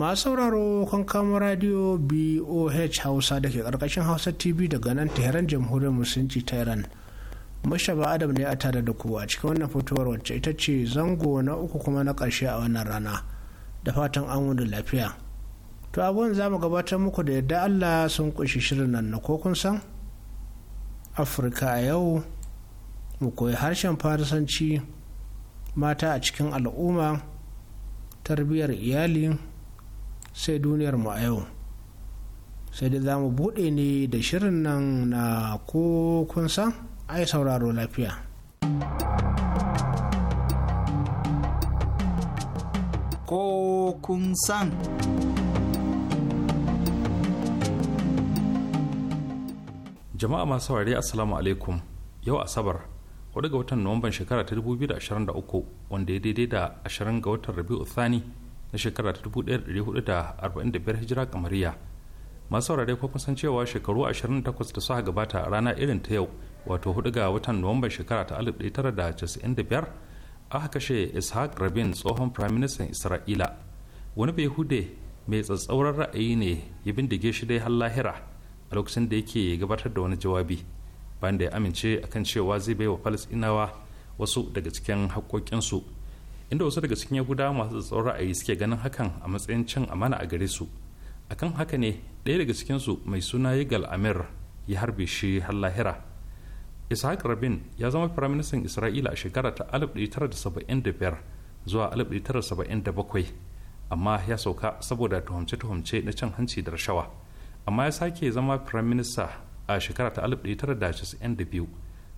masu sauraro kan kama radio boh hausa da ke karkashin hausa tv daga nan tehran jamhuriyar musulunci ta iran mashaba adam ne a tare da ku a cikin wannan fitowar wacce ita ce zango na uku kuma na karshe a wannan rana da fatan an wani lafiya to abuwan za mu gabatar muku da yadda allah sun kunshi shirin nan na ko kun san afirka a yau mu koyi harshen farisanci mata a cikin al'umma tarbiyyar iyali sai duniyar mu a yau sai dai za mu buɗe ne da shirin nan na ko kun san ai sauraro lafiya ko kun san jama'a masu saurari assalamu alaikum yau asabar kwadu ga watan nuwamban shekara ta 2023 wanda ya daidai da 20 ga watan rabi'u thani na shekara ta 1445 hijira kamariya masu saurare ko kusan cewa shekaru 28 da suka gabata a rana irin ta yau wato hudu ga watan nuwamban shekara ta 1995 aka kashe ishaq rabin tsohon firaministan isra'ila wani bai hude mai tsatsauran ra'ayi ne ya bindige shi dai har lahira a lokacin da yake gabatar da wani jawabi bayan da ya amince akan cewa zai bai wa falasɗinawa wasu daga cikin haƙƙoƙinsu inda wasu daga cikin yahudawa masu tsatsauran ra'ayi suke ganin hakan a matsayin cin amana a gare su akan haka ne ɗaya daga cikinsu mai suna yigal amir ya harbe shi har lahira ishaq rabin ya zama firaministan isra'ila a shekara ta 1975 zuwa 1977 amma ya sauka saboda tuhumce-tuhumce na cin hanci da rashawa amma ya sake zama firaminista a shekara ta 1992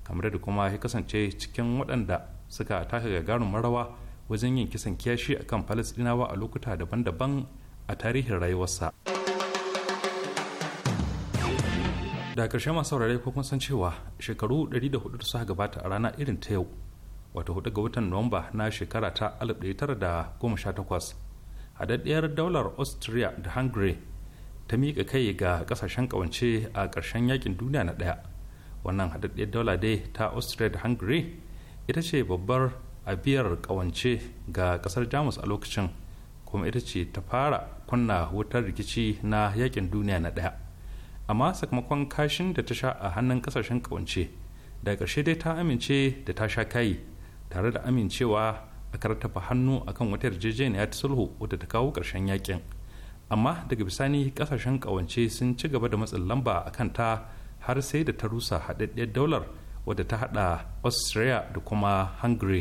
kamar da kuma ya kasance cikin waɗanda suka taka gagarumin rawa wajen yin kisan kiyashi kan falasɗinawa a lokuta daban-daban a tarihin rayuwarsa da ƙarshe masu saurare ko kun san cewa shekaru 104 da suka gabata a rana irin ta yau wata hudu ga watan nuwamba na shekara ta 1918 haɗaɗɗiyar daular austria da hungary ta miƙa kai ga ƙasashen ƙawance a ƙarshen yakin duniya na ɗaya wannan haɗaɗɗiyar daula dai ta austria da hungary ita ce babbar a biyar kawance ga kasar jamus a lokacin kuma ita ce ta fara kunna wutar rikici na yakin duniya na ɗaya amma sakamakon kashin da ta sha a hannun kasashen kawance da ƙarshe dai ta amince da ta sha kayi tare da amincewa a karatafa hannu akan wata yarjejeniya ta sulhu wadda ta kawo ƙarshen yakin amma daga bisani kasashen kawance sun ci gaba da matsin lamba a kanta har sai da ta rusa haɗaɗɗiyar daular wadda ta hada austria da kuma hungary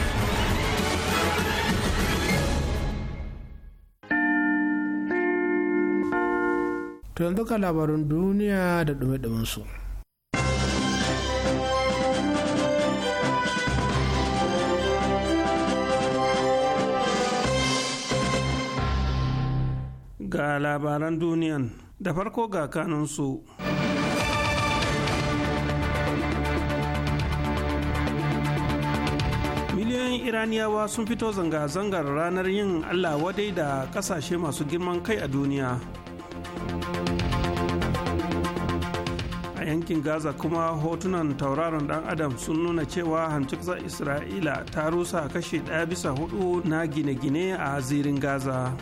to yanzu ka labarin duniya da ɗume su. ga labaran duniyan da farko ga kanunsu. miliyoyin iraniyawa sun fito zanga-zangar ranar yin allah wadai da kasashe masu girman kai a duniya a yankin gaza kuma hotunan tauraron dan adam sun nuna cewa hancikzar isra'ila ta rusa kashe daya bisa hudu na gine-gine a zirin gaza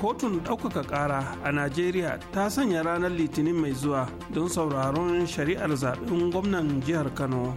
kotun ɗaukaka ƙara a najeriya ta sanya ranar litinin mai zuwa don sauraron shari'ar zaɓen gwamnan jihar kano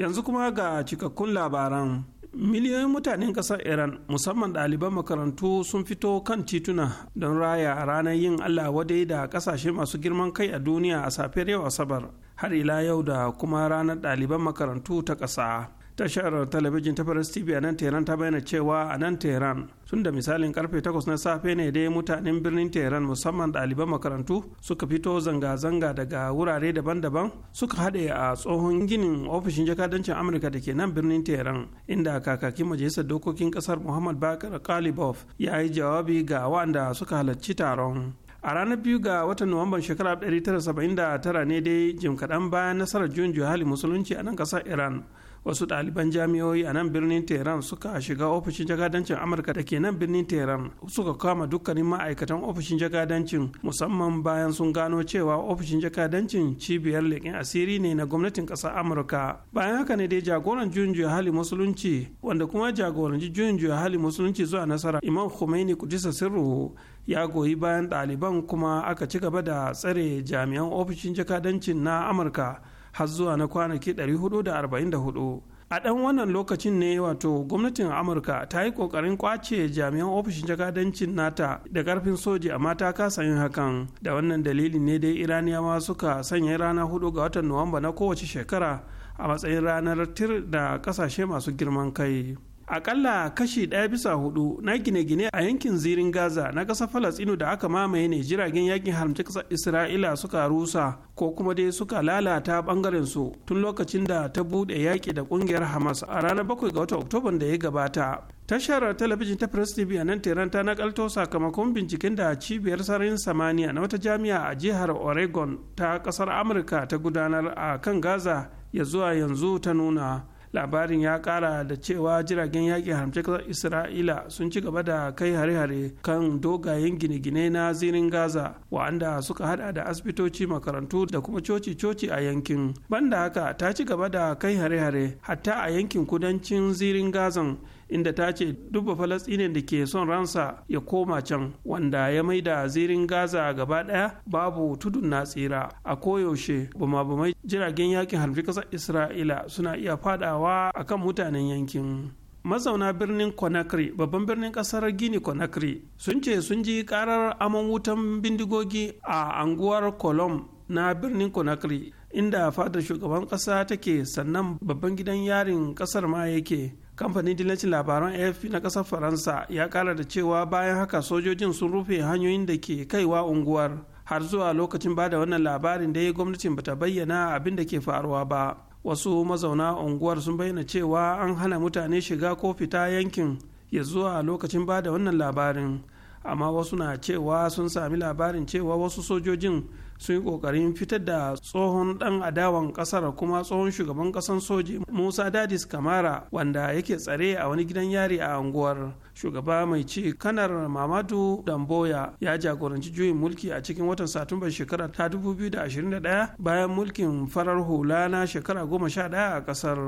yanzu kuma ga cikakkun labaran miliyoyin mutanen kasar iran musamman ɗaliban makarantu sun fito kan tituna don raya a ranar yin allah wadai da kasashe masu girman kai a duniya a safiyar yau asabar har ila yau da kuma ranar ɗaliban makarantu ta ƙasa tashar talabijin ta faras tv a nan tehran ta bayyana cewa a nan tehran tun da misalin karfe 8 na safe ne dai mutanen birnin tehran musamman ɗaliban makarantu suka fito zanga-zanga daga wurare daban-daban suka haɗe a tsohon ginin ofishin jakadancin amurka da ke nan birnin tehran inda kakakin majalisar dokokin kasar muhammad bakar kalibov ya yi jawabi ga waɗanda suka halarci taron a ranar biyu ga watan nuwamban shekara 1979 ne dai jim kaɗan bayan nasarar juyin juhali musulunci a nan ƙasar iran wasu ɗaliban jami'oyi a nan birnin tehran suka shiga ofishin jagadancin amurka da ke nan birnin tehran suka kama dukkanin ma'aikatan ofishin jagadancin musamman bayan sun gano cewa ofishin jagadancin cibiyar leƙen asiri ne na gwamnatin ƙasar amurka bayan haka ne dai jagoran juyin juya hali musulunci wanda kuma jagoranci juyin juya hali musulunci zuwa nasara imam khomeini kudisa sirru ya goyi bayan ɗaliban kuma aka ci gaba da tsare jami'an ofishin jakadancin na amurka har zuwa na kwanaki 444 a ɗan wannan lokacin ne wato gwamnatin amurka ta yi ƙoƙarin kwace jami'an ofishin jakadancin nata da ƙarfin soji amma ta kasa yin hakan da wannan dalilin ne dai iraniyawa suka sanya rana hudu ga watan nuwamba na kowace shekara a matsayin ranar tir da ƙasashe masu girman kai akalla kashi ɗaya bisa hudu na gine-gine a yankin zirin gaza na ƙasar falastinu da aka mamaye ne jiragen yakin haramci ƙasar isra'ila suka rusa ko kuma dai suka lalata ɓangaren su tun lokacin da ta buɗe yaƙi da ƙungiyar hamas a ranar bakwai ga watan oktoban da ya gabata tashar talabijin ta press tv a nan teran ta nakalto sakamakon binciken da cibiyar sararin samaniya na wata jami'a a jihar oregon ta ƙasar amurka ta gudanar a kan gaza ya zuwa yanzu ta nuna labarin ya kara da cewa jiragen yakin harmce kasar isra'ila sun ci gaba da kai hare-hare kan dogayen gine-gine na zirin gaza wa'anda suka hada da asibitoci makarantu da kuma coci-coci a yankin banda haka ta ci gaba da kai hare-hare hatta a yankin kudancin zirin gazan inda ta ce dubba falastinin da ke son ransa ya koma can wanda ya maida zirin gaza gaba daya babu tudun na tsira a koyaushe bumabumai jiragen yakin harfi kasar isra'ila suna iya fadawa akan mutanen yankin mazauna birnin conakry babban birnin kasar gini conakry sun ce sun ji karar aman wutan bindigogi a anguwar colom na birnin conakry inda fadar shugaban kasa take sannan babban gidan yarin kasar ma yake kamfanin dillacin labaran afp na kasar faransa ya kara da cewa bayan haka sojojin sun rufe hanyoyin da ke kaiwa unguwar har zuwa lokacin bada wannan labarin da ya gwamnatin bata bayyana abin da ke faruwa ba wasu mazauna unguwar sun bayyana cewa an hana mutane shiga ko fita yankin ya zuwa lokacin bada wannan labarin amma wasu na cewa sun sami labarin cewa wasu sojojin sun yi kokarin fitar da tsohon dan adawan kasar kuma tsohon shugaban kasan soji musa dadis kamara wanda yake tsare a wani gidan yari a unguwar shugaba mai ci kanar mamadu damboya ya jagoranci juyin mulki a cikin watan satumbar shekara ta 2021 bayan mulkin farar hula na shekara 11 a kasar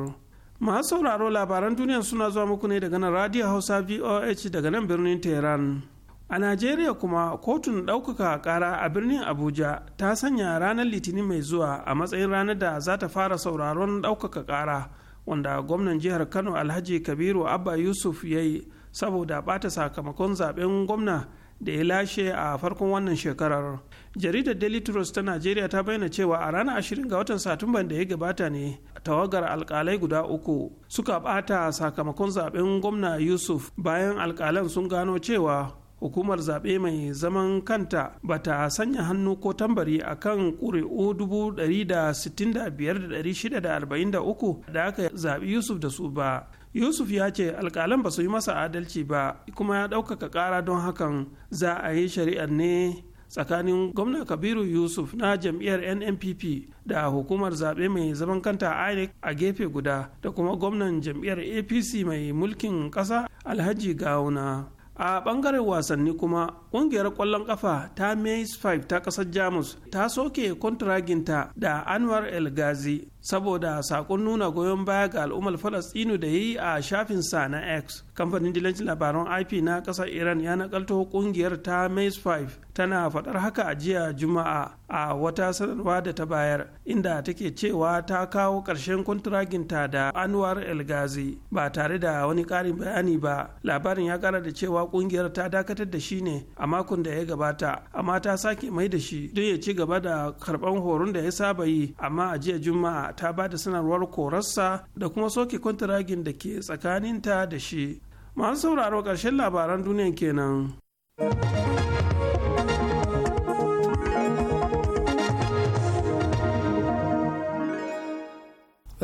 masu sauraro labaran duniya suna zuwa muku ne daga nan radio hausa voh daga nan birnin tehran a najeriya kuma kotun ɗaukaka ƙara a birnin abuja ta sanya ranar litinin mai zuwa a matsayin ranar da za ta fara sauraron ɗaukaka ƙara wanda gwamnan jihar kano alhaji kabiru abba yusuf ya yi saboda ɓata sakamakon zaben gwamna da ya lashe a farkon wannan shekarar jaridar daily trust ta najeriya ta bayyana cewa a ranar 20 ga watan satumban da ya gabata ne tawagar alkalai guda uku suka ɓata sakamakon zaben gwamna yusuf bayan alkalan sun gano cewa hukumar zaɓe mai zaman kanta ba ta sanya hannu ko tambari a kan ƙuri'u 165,643 da aka zaɓi yusuf da su ba yusuf ya ce alƙalan ba su yi masa adalci ba kuma ya ɗaukaka ƙara don hakan za a yi shari'ar ne tsakanin gwamna kabiru yusuf na jam'iyyar nnpp da hukumar zaɓe mai zaman kanta inec a gefe guda da kuma gwamnan jam'iyyar apc mai mulkin ƙasa alhaji gawuna a ɓangaren wasanni kuma kungiyar kwallon kafa ta maize 5 ta kasar Jamus ta soke kontraginta da Anwar El Ghazi saboda sakon nuna goyon baya ga al'ummar falastinu da yi a shafinsa na X. Kamfanin dilancin labaran IP na kasar Iran ya nakalto kungiyar ta maize 5 tana fadar haka a jiya Juma'a a wata sanarwa da ta bayar inda take cewa ta kawo karshen kontraginta da Anwar El Ghazi ba tare da wani ƙarin bayani ba. Labarin ya kara da cewa kungiyar ta dakatar da shi ne a makon da ya gabata amma ta sake mai da shi don ya ci gaba da karban horon da ya saba yi amma a jiya juma'a ta ba da sanarwar korarsa da kuma soke kwantiragin da ke tsakaninta da shi masu sauraro ƙarshen labaran duniya kenan.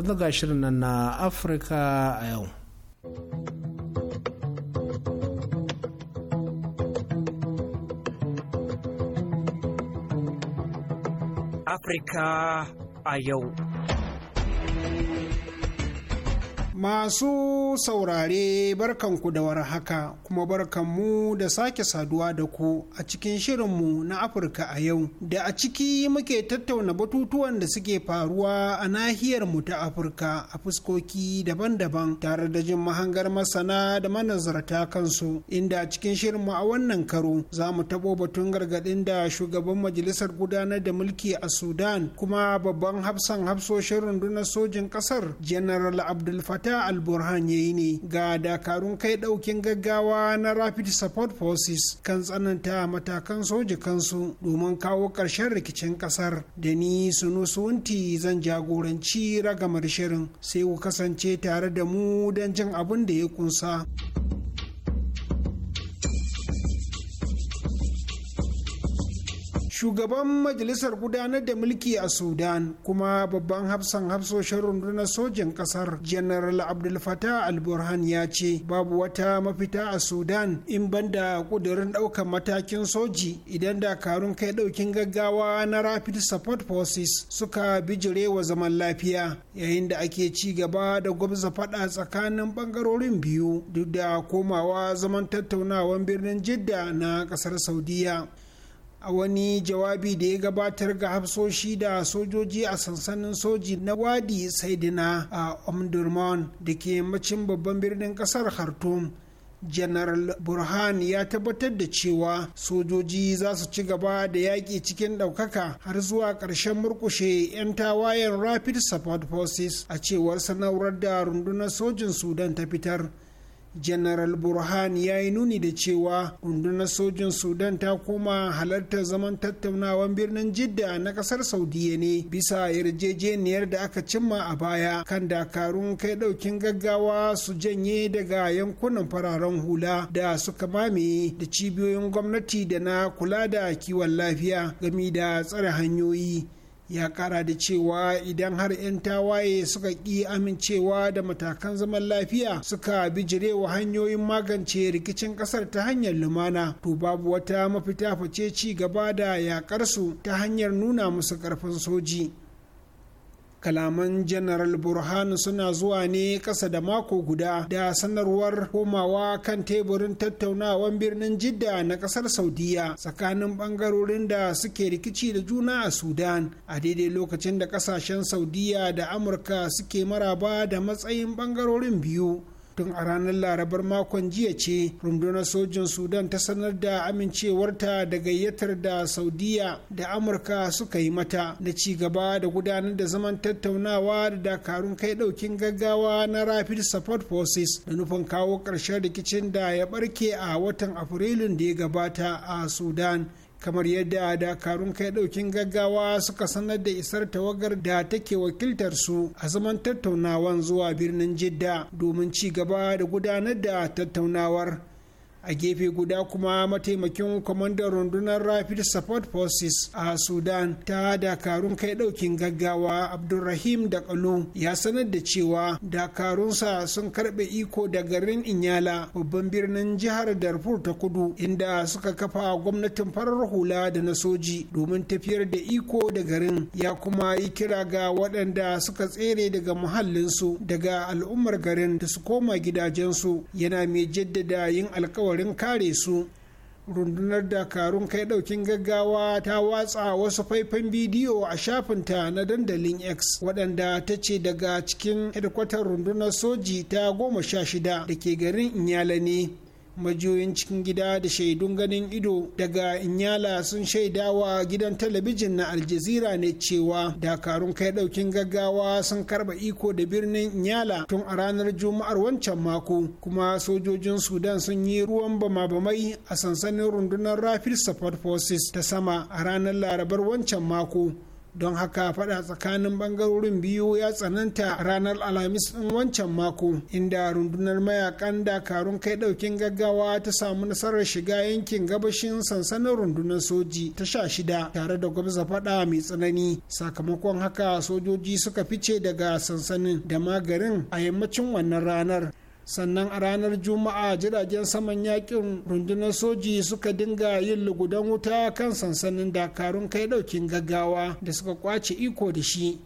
daga shirin nan na afirka a yau Afirka a yau. Masu saurare barkanku da war haka kuma barkanmu da sake saduwa da ku a cikin shirinmu na Afirka a yau da a ciki muke tattauna batutuwan da suke faruwa a nahiyar mu ta Afirka a fuskoki daban-daban tare da jin mahangar masana da manazarta kansu inda a cikin shirinmu a wannan karo za mu tabo batun gargadin da shugaban majalisar gudanar da mulki a Sudan kuma babban hafsan hafsoshin rundunar sojin ƙasar General Abdul Fattah ta alburhan ya yi ne ga dakarun kai daukin gaggawa na rapid support forces kan tsananta matakan soja kansu domin kawo ƙarshen rikicin ƙasar da ni sunusunti zan jagoranci ragamar shirin sai ku kasance tare da mu don jin abin da ya kunsa. shugaban majalisar gudanar da mulki a sudan kuma babban hafsan hafsoshin rundunar sojin kasar general abdul fatah al-burhan ya ce babu wata mafita a sudan in banda kudurin ɗaukar matakin soji idan dakarun kai ɗaukin gaggawa na rapid support forces suka bijire wa zaman lafiya yayin da ake ci gaba da gwabza faɗa tsakanin bangarorin biyu duk da komawa zaman tattaunawan birnin jidda na kasar saudiya a wani jawabi da ya gabatar ga hafsoshi da sojoji a sansanin soji na wadi saidina a omdurman da ke macin babban birnin kasar khartoum general burhan ya tabbatar da cewa sojoji za su ci gaba da yaƙi cikin ɗaukaka har zuwa ƙarshen murkushe 'yan tawayen rapid support forces a cewar sanarwar da rundunar sojin sudan ta fitar janaral burhan ya yi nuni da cewa rundunar sojin sudan ta koma halartar zaman tattaunawan birnin jidda na kasar saudiya ne bisa yarjejeniyar da aka cimma a baya kan dakarun kai daukin gaggawa su janye daga yankunan fararen hula da suka mamaye da cibiyoyin gwamnati da na kula da kiwon lafiya game da tsare hanyoyi ya kara da cewa idan har 'yan tawaye suka ƙi amincewa da matakan zaman lafiya suka bijirewa hanyoyin magance rikicin ƙasar ta hanyar lumana to babu wata mafita face ci gaba da yaƙarsu ta hanyar nuna musu ƙarfin soji kalaman janaral burhan suna zuwa ne kasa da mako guda da sanarwar komawa kan teburin tattaunawan birnin jidda na kasar saudiya tsakanin bangarorin da suke rikici da juna a sudan a daidai lokacin da kasashen saudiya da amurka suke maraba da matsayin bangarorin biyu tun a ranar larabar makon jiya ce rundunar sojin sudan ta sanar da amincewarta da gayyatar da saudiya da amurka suka yi mata na ci gaba da gudanar da zaman tattaunawa da dakarun kai daukin gaggawa na rapid support forces da nufin kawo ƙarshen rikicin da ya barke a watan afrilun da ya gabata a sudan kamar yadda dakarun kai daukin gaggawa suka sanar da isar tawagar da take wakiltar su a zaman tattaunawan zuwa birnin jidda domin ci gaba da gudanar da tattaunawar a gefe guda kuma mataimakin kwamandan rundunar rapid support forces a sudan ta dakarun kai daukin gaggawa abdulrahim da kalu ya sanar da cewa dakarunsa sun karbe iko da garin inyala babban birnin jihar darfur ta kudu inda suka kafa gwamnatin farar hula da na soji domin tafiyar da iko da garin ya kuma yi kira ga waɗanda suka tsere daga muhallinsu daga al'ummar garin da su koma gidajensu yana mai jaddada yin alkawari alkawarin kare su rundunar dakarun kai daukin gaggawa ta watsa wasu faifan bidiyo a shafinta na dandalin x waɗanda ta ce daga cikin hedkwatar rundunar soji ta goma sha shida da ke garin inyala ne majiyoyin cikin gida da shaidun ganin ido daga inyala sun shaidawa gidan talabijin na aljazira ne cewa dakarun kai daukin gaggawa sun karba iko da birnin inyala tun a ranar juma'ar wancan mako kuma sojojin sudan sun yi ruwan bama-bamai a sansanin rundunar rapid support forces ta sama a ranar larabar wancan mako don haka fada tsakanin bangarorin biyu ya tsananta ranar alhamis ɗin wancan mako inda rundunar mayakan dakarun kai ɗaukin gaggawa ta samu nasarar shiga yankin gabashin sansanin rundunar soji ta sha shida tare da gwamza fada mai tsanani sakamakon haka sojoji suka fice daga sansanin da magarin a yammacin wannan ranar sannan a ranar juma'a jiragen saman yakin rundunar soji suka dinga yin lugudan wuta kan sansanin dakarun kai daukin gaggawa da suka kwace iko da shi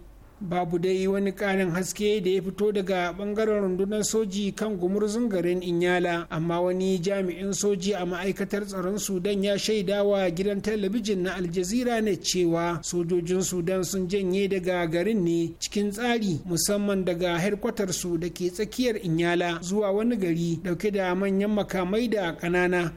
babu dai wani karin haske da ya fito daga bangaren rundunar soji kan gumurzun garin inyala amma wani jami'in soji a ma'aikatar tsaron sudan ya shaida wa gidan talabijin na aljazira ne cewa sojojin sudan sun janye daga garin ne cikin tsari musamman daga herkwatarsu da ke tsakiyar inyala zuwa wani gari dauke da manyan makamai da ƙanana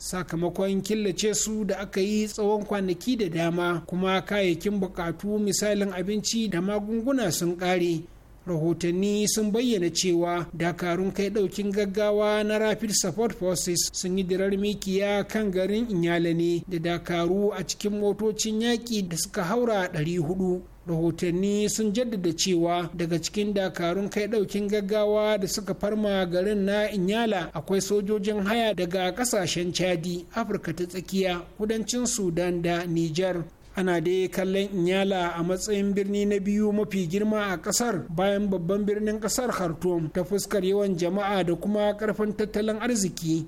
sakamakon killace su da aka yi tsawon kwanaki da dama kuma kayayyakin bukatu misalin abinci da magunguna sun kare rahotanni sun bayyana cewa dakarun kai daukin gaggawa na rapid support forces sun yi dirar mikiya kan garin inyala ne da dakaru a cikin motocin yaƙi da suka haura 400 rahotanni sun jaddada cewa daga cikin dakarun kai daukin gaggawa da suka farma garin na inyala akwai sojojin haya daga kasashen chadi afirka ta tsakiya kudancin sudan da niger ana dai kallon inyala a matsayin birni na biyu mafi girma a kasar bayan babban birnin kasar khartoum ta fuskar yawan jama'a da kuma karfin tattalin arziki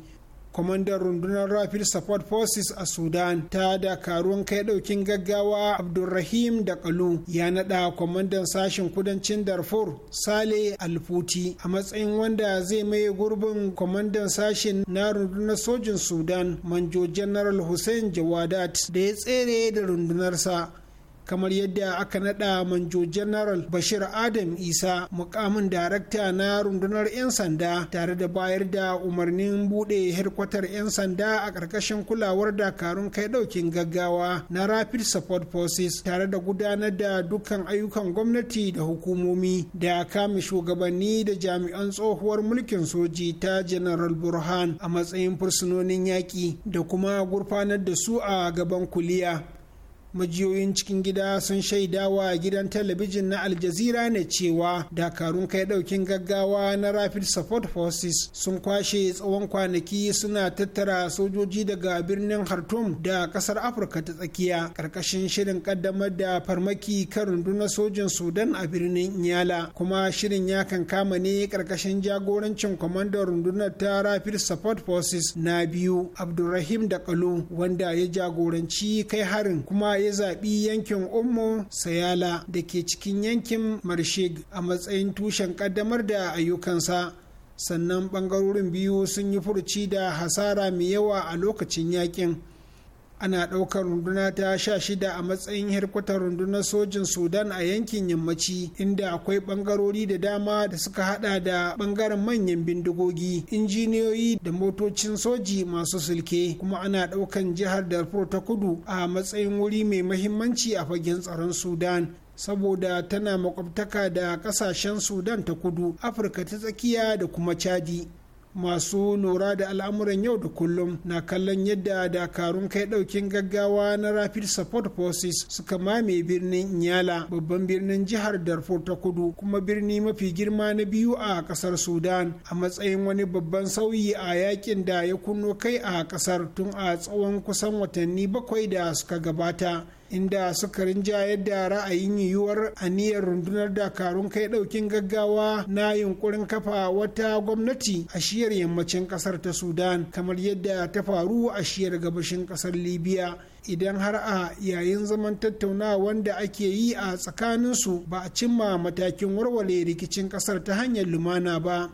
kwamandan rundunar rapid support forces a sudan ta da karuwan kai daukin gaggawa abdulrahim da kalu ya nada kwamandan sashen kudancin darfur sale alfuti a matsayin wanda zai maye gurbin kwamandan sashen na rundunar sojin sudan manjo general hussein jawadat da ya tsere da rundunarsa kamar yadda aka nada manjo general bashir adam isa mukamin darakta na rundunar 'yan sanda tare da bayar da umarnin bude herkwatar 'yan sanda a ƙarƙashin kulawar dakarun kai ɗaukin gaggawa na rapid support forces tare da gudanar da dukkan ayyukan gwamnati da hukumomi da kame shugabanni da jami'an tsohuwar mulkin soji ta general burhan a matsayin fursunonin yaƙi da kuma gurfanar da su a gaban kuliya majiyoyin cikin gida sun shaidawa gidan talabijin na aljazira ne cewa dakarun kai daukin gaggawa na rapid support forces sun kwashe tsawon kwanaki suna tattara sojoji daga birnin hartum da kasar afirka ta tsakiya karkashin shirin kaddamar da farmaki kan rundunar sojin sudan a birnin nyala kuma shirin ya kankama ne karkashin jagorancin kwamandan rundunar ta rapid support forces na biyu abdulrahim da kalu wanda ya jagoranci kai harin kuma yi zaɓi yankin ummo sayala da ke cikin yankin marshig a matsayin tushen ƙaddamar da ayyukansa sannan ɓangarorin biyu sun yi furci da hasara mai yawa a lokacin yakin ana ɗaukar runduna ta sha shida a matsayin hirkutar rundunar sojin sudan a yankin yammaci inda akwai ɓangarori da dama da suka hada da ɓangaren manyan bindigogi injiniyoyi da motocin soji masu sulke kuma ana ɗaukan jihar darfur ta kudu a matsayin wuri mai mahimmanci a fagen tsaron sudan saboda tana makwabtaka da ƙasashen sudan ta kudu afirka ta tsakiya da kuma chadi masu lura da al'amuran yau da kullum na kallon yadda dakarun kai daukin gaggawa na rapid support forces suka mame birnin inyala babban birnin jihar darfur ta kudu kuma birni mafi girma na biyu a kasar sudan a matsayin wani babban sauyi a yakin da ya kunno kai a kasar tun a tsawon kusan watanni bakwai da suka gabata inda suka rinjayar da ra'ayin yiwuwar aniyar rundunar dakarun kai daukin gaggawa na yunkurin kafa wata gwamnati a shiyar yammacin kasar ta sudan kamar yadda ta faru a shiyar gabashin kasar libya idan har a yayin zaman tattaunawa wanda ake yi a tsakaninsu ba a cimma matakin warware rikicin kasar ta hanyar lumana ba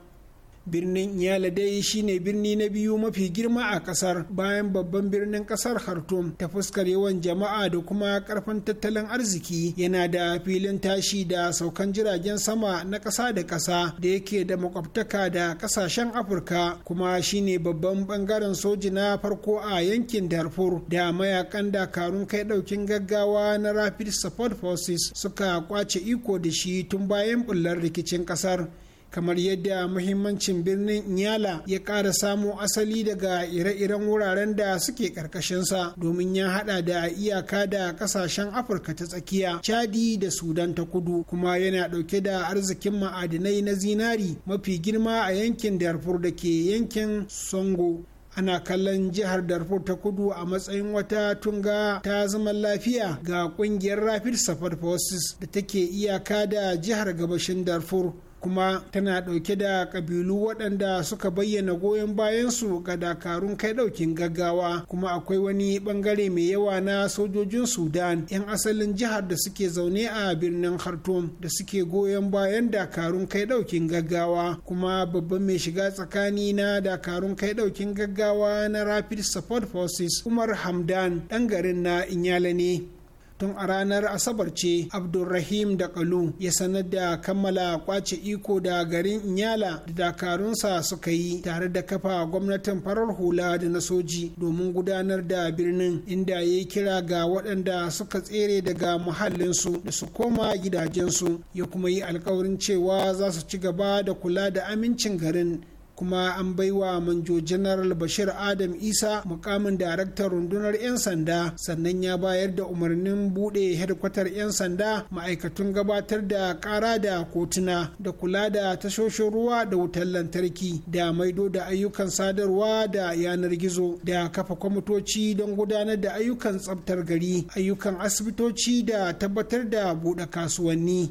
birnin yala dai shine birni na biyu mafi girma a kasar bayan babban birnin kasar khartoum ta fuskar yawan jama'a da kuma karfin tattalin arziki yana da filin tashi da saukan jiragen sama na kasa da kasa da yake da makwabtaka da kasashen afirka kuma shine babban bangaren soji na farko a yankin darfur da mayakan dakarun kai daukin gaggawa na rapid support forces suka kwace iko da shi tun bayan bullar rikicin kasar kamar yadda muhimmancin birnin Nyala ya ƙara samo asali daga ire-iren wuraren da suke ƙarƙashinsa domin ya haɗa da iyaka da ƙasashen Afirka ta tsakiya, Chadi da Sudan ta kudu, kuma yana ɗauke da arzikin ma'adinai na zinari mafi girma a yankin Darfur da ke yankin Songo. ana kallon jihar darfur ta kudu a matsayin wata tunga ta zaman lafiya ga kungiyar rapid support forces da take iyaka da jihar gabashin darfur kuma tana ɗauke da kabilu waɗanda suka bayyana goyon bayansu ga dakarun kai ɗaukin gaggawa kuma akwai wani ɓangare mai yawa na sojojin sudan 'yan asalin jihar da suke zaune a birnin khartoum da suke goyon bayan dakarun kai ɗaukin gaggawa kuma babban mai shiga tsakani na dakarun kai ɗaukin gaggawa na rapid support forces umar hamdan ɗan garin na inyala ne tun a ranar asabar ce abdulrahim da kalu ya sanar da kammala kwace iko da garin inyala da dakarunsa suka yi tare da kafa gwamnatin farar hula da na soji domin gudanar da birnin inda ya yi kira ga waɗanda suka tsere daga muhallinsu da su koma gidajensu ya kuma yi alkawarin cewa za su ci gaba da kula da amincin garin kuma an bai wa manjo janaral bashir adam isa mukamin daraktar rundunar 'yan sanda sannan ya bayar da umarnin buɗe hedkwatar 'yan sanda ma'aikatun gabatar da kara da kotuna da kula da tashoshin ruwa da wutar lantarki da maido da ayyukan sadarwa da yanar gizo da kafa kwamitoci don gudanar da ayyukan tsabtar gari ayyukan asibitoci da tabbatar da buɗe kasuwanni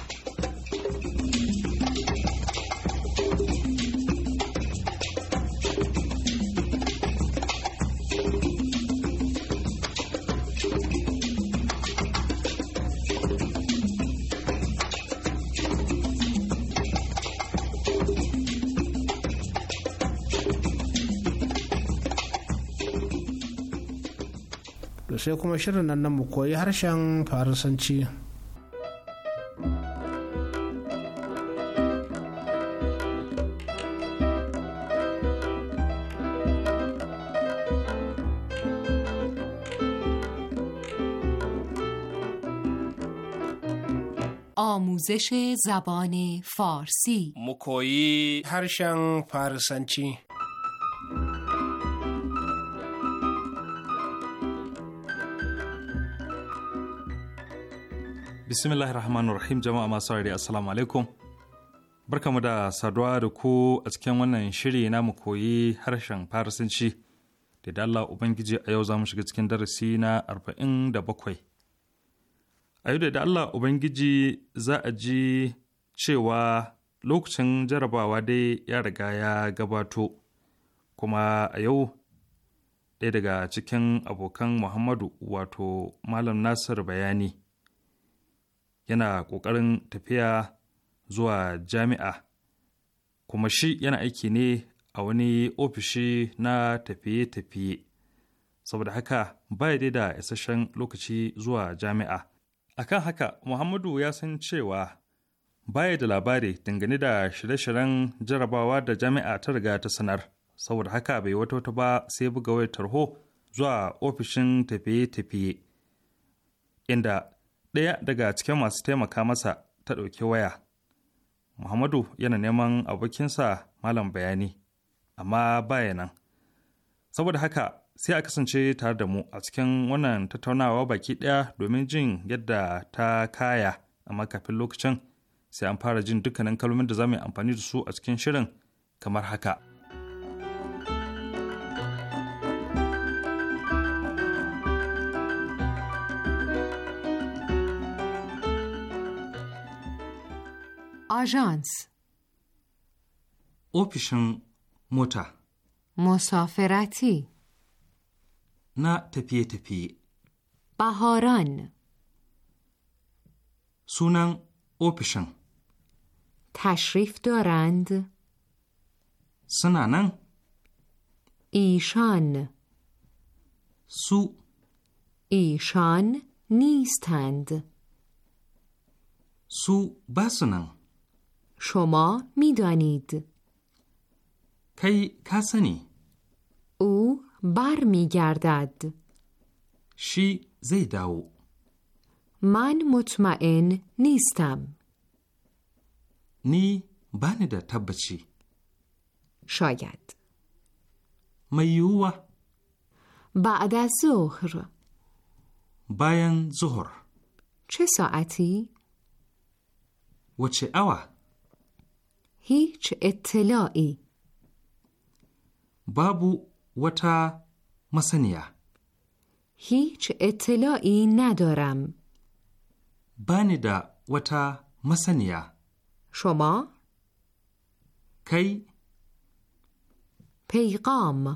sai kuma shirin nan mu koyi harshen farisanci آموزش زبان فارسی مکویی هرشن فارسنچی bismillahir rahmanir rahim jama'a masu rari assalamu alaikum barkamu da saduwa da ku a cikin wannan shiri na mu koyi harshen farisanci da dalla ubangiji a yau za mu shiga cikin darasi na arba'in da bakwai a yau da allah ubangiji za a ji cewa lokacin jarabawa dai ya riga ya gabato kuma a yau ɗaya daga cikin abokan muhammadu wato malam nasir bayani yana ƙoƙarin tafiya zuwa jami'a kuma shi yana aiki ne a wani ofishi na tafiye-tafiye saboda haka ba ya da isasshen lokaci zuwa jami'a akan haka muhammadu ya san cewa baya da labari dangane da shirye-shiryen jarabawa da jami'a ta riga ta sanar saboda haka bai wata wata ba sai buga wayar tarho zuwa ofishin tafiye-tafiye inda ɗaya daga cikin masu taimaka masa ta ɗauki waya muhammadu yana neman abokinsa malam bayani amma baya nan saboda haka sai a kasance tare da mu a cikin wannan tattaunawa baki ɗaya domin jin yadda ta kaya amma kafin lokacin sai an fara jin dukkanin kalmomin da za mu yi amfani da su a cikin shirin kamar haka. آژانس اوپیشن موتا مسافرتی نه تپیه تپی بهاران سونن اوپیشن تشریف دارند سنانن ایشان سو ایشان نیستند سو بسنن شما میدانید کی کسنی او بر می گردد شی زیدو من مطمئن نیستم نی بنده تبچی شاید میوه بعد از ظهر باین ظهر چه ساعتی؟ و چه اوه هیچ اطلاعی بابو وتا مسنیا هیچ اطلاعی ندارم باندا وتا مسنیا شما کی پیغام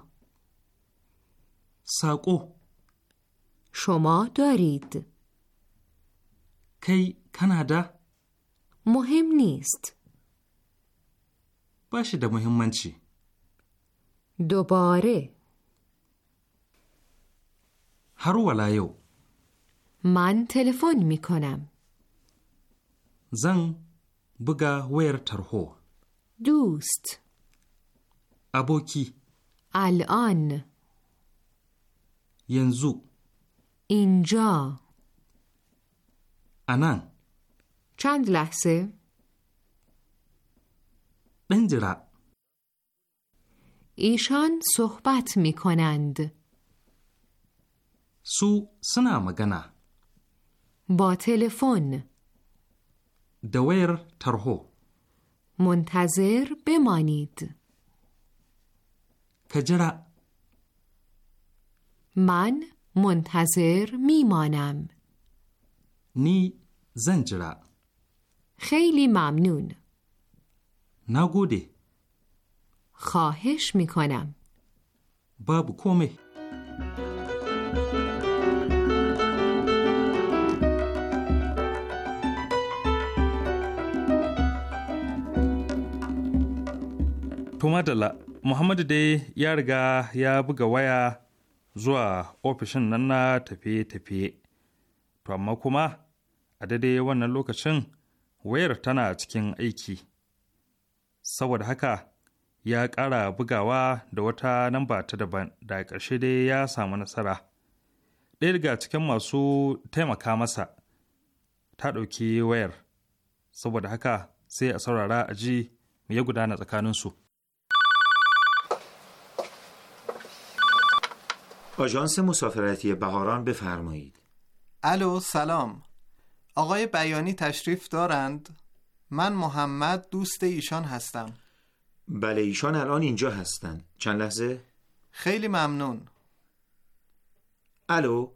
ساقو شما دارید کی کانادا مهم نیست ba shi da muhimmanci. دوباره هر ولایو. من تلفن می کنم زن بگا ویر ترهو دوست ابوکی الان ینزو اینجا انا چند لحظه بنجرا ایشان صحبت می کنند سو سنا مگنا با تلفن دویر ترهو منتظر بمانید کجرا من منتظر میمانم نی زنجرا خیلی ممنون نگوده خواهش میکنم باب کومه To madalla, Muhammadu dai ya riga ya buga waya zuwa ofishin nan na tafiye-tafiye. To amma kuma a daidai wannan lokacin wayar tana cikin aiki. saboda haka ya ƙara bugawa da wata namba ta daban da ƙarshe dai ya samu nasara ɗaya daga cikin masu taimaka masa ta ɗauki wayar saboda haka sai a saurara a ji ya gudana tsakaninsu آژانس مسافرتی بهاران بفرمایید الو سلام آقای بیانی تشریف دارند من محمد دوست ایشان هستم بله ایشان الان اینجا هستند چند لحظه؟ خیلی ممنون الو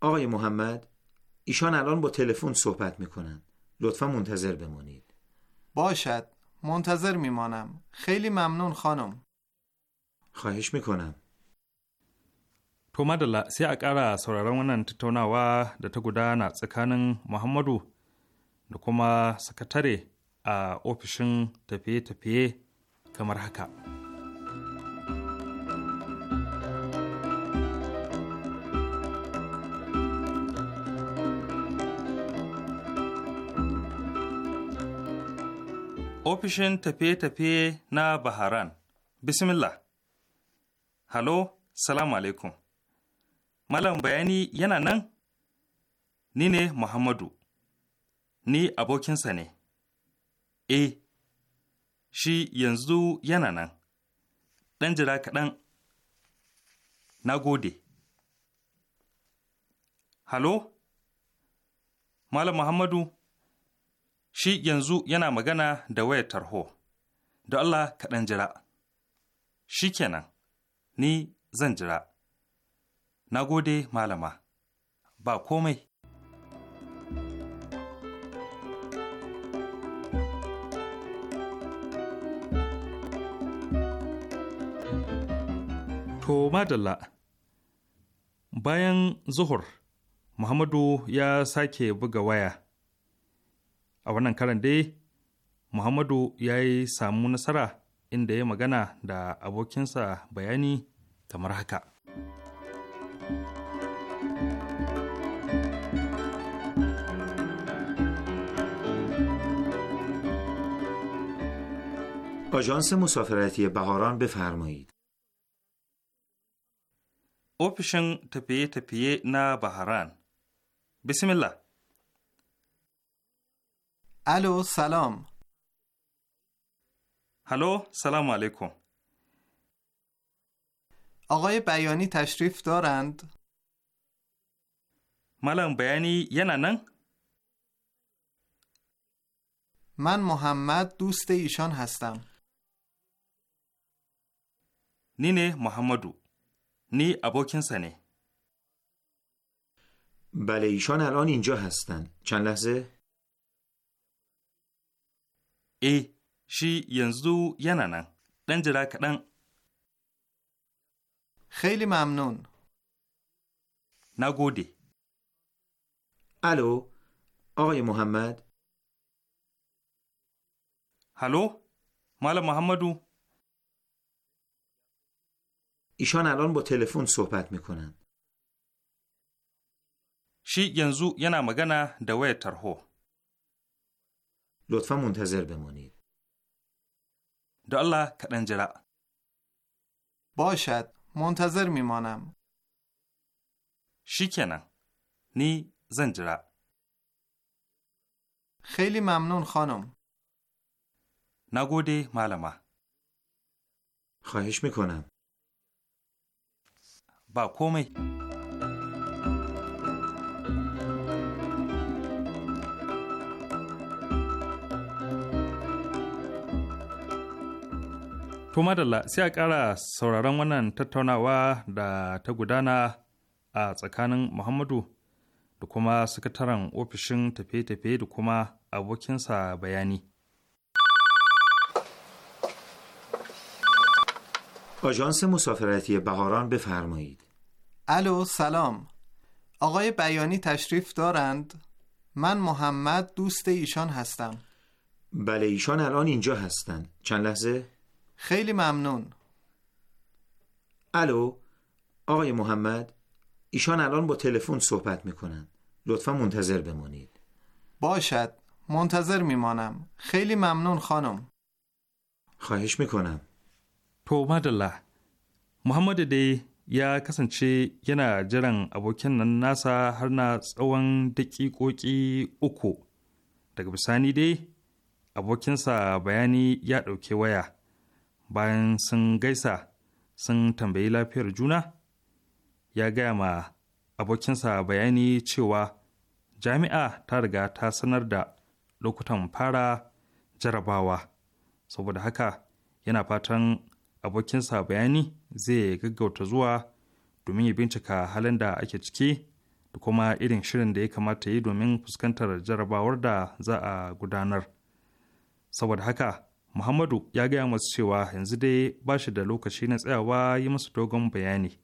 آقای محمد ایشان الان با تلفن صحبت میکنند لطفا منتظر بمانید باشد منتظر میمانم خیلی ممنون خانم خواهش میکنم تو مدل sai a ƙara sauraron wannan tattaunawa da محمدو da kuma sakatare a ofishin tafiye-tafiye kamar haka. Ofishin tafiye-tafiye na Baharan Bismillah Halo, salamu alaikum. Malam bayani yana nan? Ni ne Muhammadu. Ni abokinsa ne. E! Shi yanzu yana nan. ɗan jira kaɗan. Na gode. Halo, Malam Muhammadu? shi yanzu yana magana da wayar tarho, da Allah kaɗan jira. Shi kenan, ni zan jira. Na gode malama, ba komai. To madalla, bayan zuhur, Muhammadu ya sake buga waya. A wannan karan dai, Muhammadu ya yi samu nasara inda ya magana da abokinsa bayani kamar haka. آژانس مسافرتی بهاران بفرمایید. ofishin تپیه تپیه نا بهران بسم الله الو سلام هلو سلام علیکم آقای بیانی تشریف دارند؟ ملم بیانی یه ننن؟ من محمد دوست ایشان هستم نینه محمدو نی ابوکنسه نه بله ایشان الان اینجا هستن چند لحظه ای شی ینزو یننن دنجرا جرا خیلی ممنون نگودی الو آقای محمد هلو مال محمدو ایشان الان با تلفن صحبت میکنن. شی ینزو ینا مگنا دوی ترهو لطفا منتظر بمانید. دا الله کرنجرا باشد منتظر میمانم. شی کنه نی زنجرا خیلی ممنون خانم. نگودی معلمه. خواهش میکنم. ba komai To madalla sai a ƙara sauraron wannan tattaunawa da ta gudana a tsakanin Muhammadu da kuma sakataren ofishin tafe-tafe da kuma abokinsa bayani. آژانس مسافرتی بهاران بفرمایید. الو سلام آقای بیانی تشریف دارند من محمد دوست ایشان هستم بله ایشان الان اینجا هستند چند لحظه خیلی ممنون الو آقای محمد ایشان الان با تلفن صحبت میکنند لطفا منتظر بمانید باشد منتظر میمانم خیلی ممنون خانم خواهش میکنم پومد الله محمد دی ya kasance yana jiran abokin nan nasa har na tsawon daƙiƙoƙi uku daga bisani dai abokinsa bayani ya ɗauke waya bayan sun gaisa sun tambayi lafiyar juna ya gaya ma abokinsa bayani cewa jami'a ta riga ta sanar da lokutan fara jarabawa saboda haka yana fatan abokinsa bayani zai gaggauta zuwa domin ya bincika halin da ake ciki da kuma irin shirin da ya kamata yi domin fuskantar jarabawar da za a gudanar saboda haka muhammadu ya gaya masu cewa yanzu dai ba shi da lokaci na tsayawa yi masu dogon bayani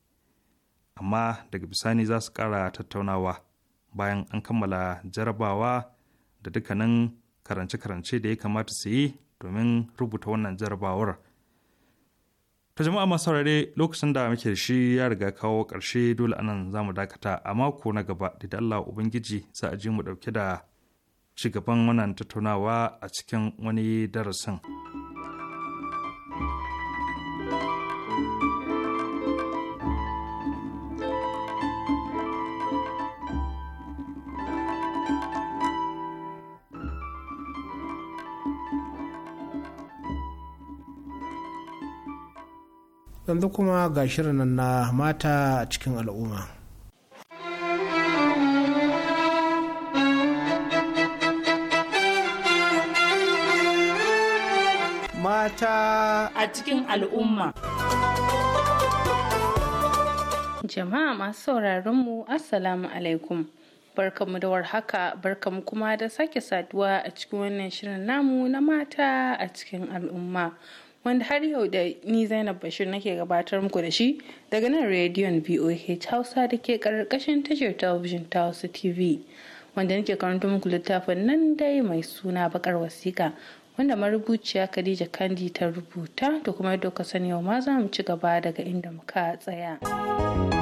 amma daga bisani za su ƙara tattaunawa bayan an kammala jarabawa da dukkanin karance-karance da ya kamata su yi domin rubuta wannan jarabawar. ta jama'a masu saurare lokacin da muke shi ya riga kawo ƙarshe dole anan za mu dakata a mako na gaba da Allah ubangiji za a ji mu dauke da shigaban wannan tattaunawa a cikin wani darasin. yanzu kuma ga shirin na mata a cikin al'umma. Mata a cikin al'umma. Jama'a masu mu Assalamu alaikum. Barkamu da warhaka, barkamu kuma da sake saduwa a cikin wannan shirin namu na mata a cikin al'umma. wanda har yau da ni Zainab Bashir nake gabatar muku da shi daga nan rediyon voh Hausa da ke karkashin tashar talabijin ta wasu TV wanda nake karanta muku littafin nan dai mai suna bakar wasiƙa wanda marubuciya Khadija Kandi ta rubuta to kuma yadda ka sani yau ma za mu ci gaba daga inda muka tsaya.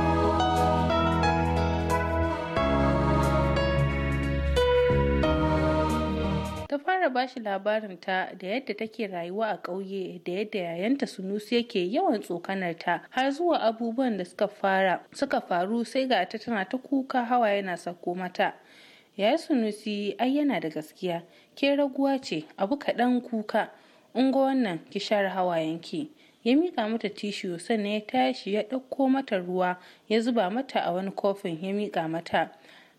fara shi labarin ta da yadda take rayuwa a ƙauye da yadda yayanta sunusi yake yawan tsokanar ta har zuwa abubuwan da suka fara suka faru sai ga ta tana ta kuka hawa yana sako mata ya sunusi ai yana da gaskiya ke raguwa ce abu kaɗan kuka ungo wannan ki share hawayenki ya mika mata tishiyo sannan ya tashi ya ɗauko mata ruwa ya zuba mata a wani kofin ya mika mata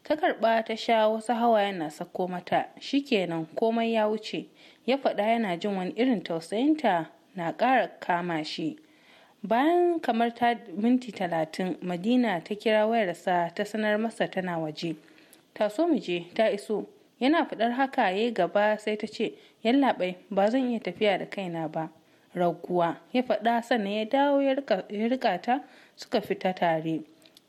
ta karba ta sha wasu hawayen na sako mata kenan komai ya wuce ya faɗa yana jin wani irin tausayinta na ƙara kama shi bayan kamar ta minti talatin madina ta kira wayarsa ta sanar masa tana waje ta so mu je ta iso yana fadar haka ya yi gaba sai ta ce yallaɓai ba zan iya tafiya da kaina ba raguwa ya faɗa sannan ya dawo ya rika ta suka fita tare